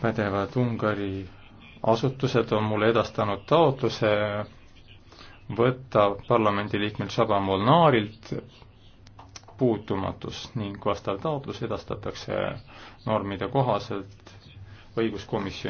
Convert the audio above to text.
pädevad Ungari asutused on mulle edastanud taotluse võtta parlamendiliikmelt Shaba Molnarilt puutumatus ning vastav taotlus edastatakse normide kohaselt õiguskomisjoni